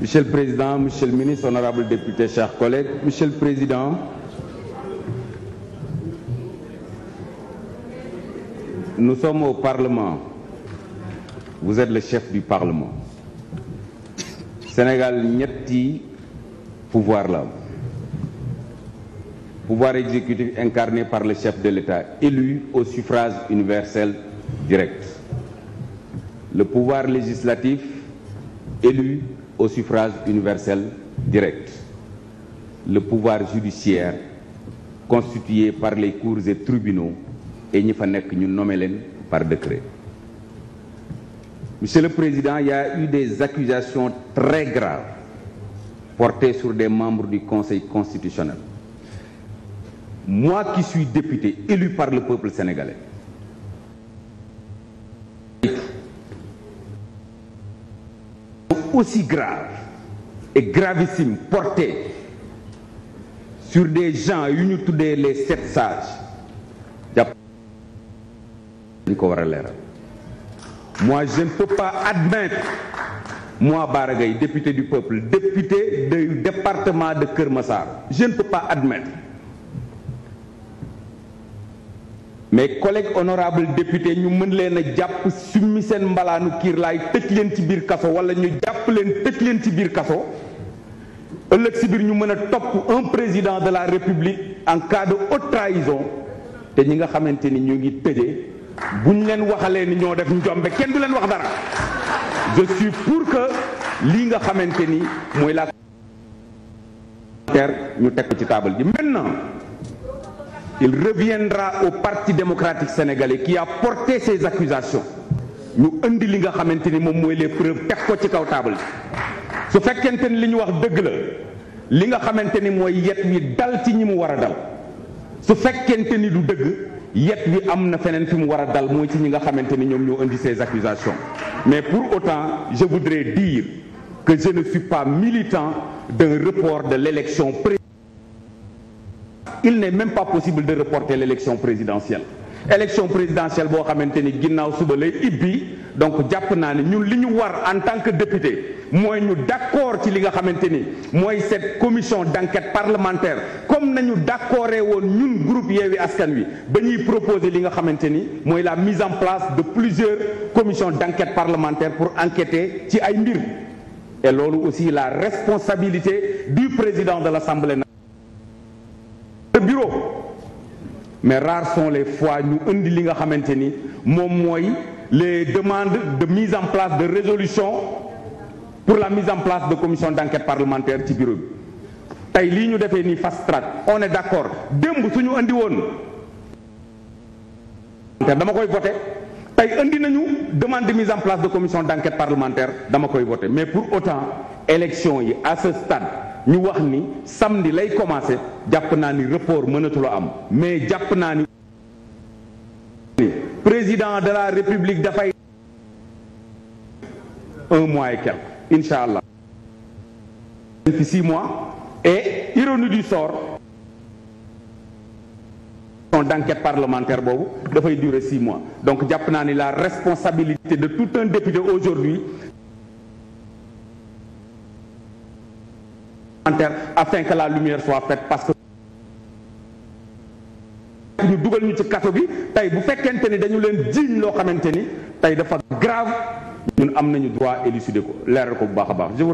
Monsieur le Président, Monsieur le Ministre, honorables députés, chers collègues, Monsieur le Président, nous sommes au Parlement. Vous êtes le chef du Parlement. Sénégal ñetti pouvoir la pouvoir exécutif incarné par le chef de l'État, élu au suffrage universel direct. Le pouvoir législatif, élu au suffrage universel direct. Le pouvoir judiciaire constitué par les cours et tribunaux et ñi fa nekk ñu nommé leen par décret. Monsieur le Président, il y a eu des accusations très graves portées sur des membres du Conseil constitutionnel. Moi qui suis député élu par le peuple sénégalais aussi grave et gravissime portée sur des gens yu ñu tuddee les sept sages jàpp ko war a leeral moi je ne peux pas admettre moi Bara député du peuple député du département de Keur Massar je ne peux pas admettre mais collègues honorables députés ñu mën leen a jàpp summi seen mbalaanu kiir kiirlaay tëj leen ci biir kaso wala ñu jàpp leen tëj leen ci biir kaso ëllëg si biir ñu mën a topp un président de la république en cas de haute trahison te ñi nga xamante ni ñu ngi tëjee buñ leen waxalee ni ñoo def njombe kenn du leen wax dara je suis pour que lii nga xamante ni mooy la. ñu teg ci table ji maintenant. il reviendra au Parti démocratique sénégalais qui a porté ces accusations ñu indi li nga xamante ni moom mooy les preuves teg ko ci kaw taabal su fekkente ni li ñu wax dëgg la li nga xamante ni mooy yet wi dal ci ñi mu war a dal su fekkente ni du dëgg yet wi am na feneen fi mu war a dal mooy ci ñi nga xamante ni ñoom ñoo indi ces accusations mais pour autant je voudrais dire que je ne suis pas militant d'un report de l'élection présidentielle il n'est même pas possible de reporter l'élection présidentielle élection présidentielle boo xamante ni ginnaaw suba lay ibbi donc jàpp naa ne ñun li ñu war en tant que député mooy ñu d'accord ci li nga xamante ni mooy cette commission d'enquête parlementaire comme nañu d'accordé woon ñun groupe Yewwi Askan Wi ba ñuy proposer li nga xamante ni mooy la mise en place de plusieurs commissions d'enquête parlementaire pour enquêter ci ay mbir et loolu bureau mais rares sont les fois ñu indi li nga xamante ni moom mooy les demande de mise en place de résolution pour la mise en place de commission d'enquête parlementaire ci bureau bi tey lii ñu defee nii fast track on est d'accord démb ñu indi woon dama koy voté tey indi nañu demande de mise en place de commission d'enquête parlementaire dama koy voté mais pour autant élection yi à ce stade ñu wax ni samedi lay commencé jàpp naa ni report mënatuloo am mais jàpp naa ni président de la république dafay un mois et quelque incha allah fi six mois et ironie du sort d'enquête parlementaire boobu dafay dure six mois donc jàpp naa ni la responsabilité de tout un député aujourd'hui afin que la lumière soit faite parce que ñu dugal ñu ci kaso bi tey bu fekkente ni dañu leen jiiñ loo xamante ni tey dafa grave ñun am nañu droit élucider ko leeral ko bu baax a baax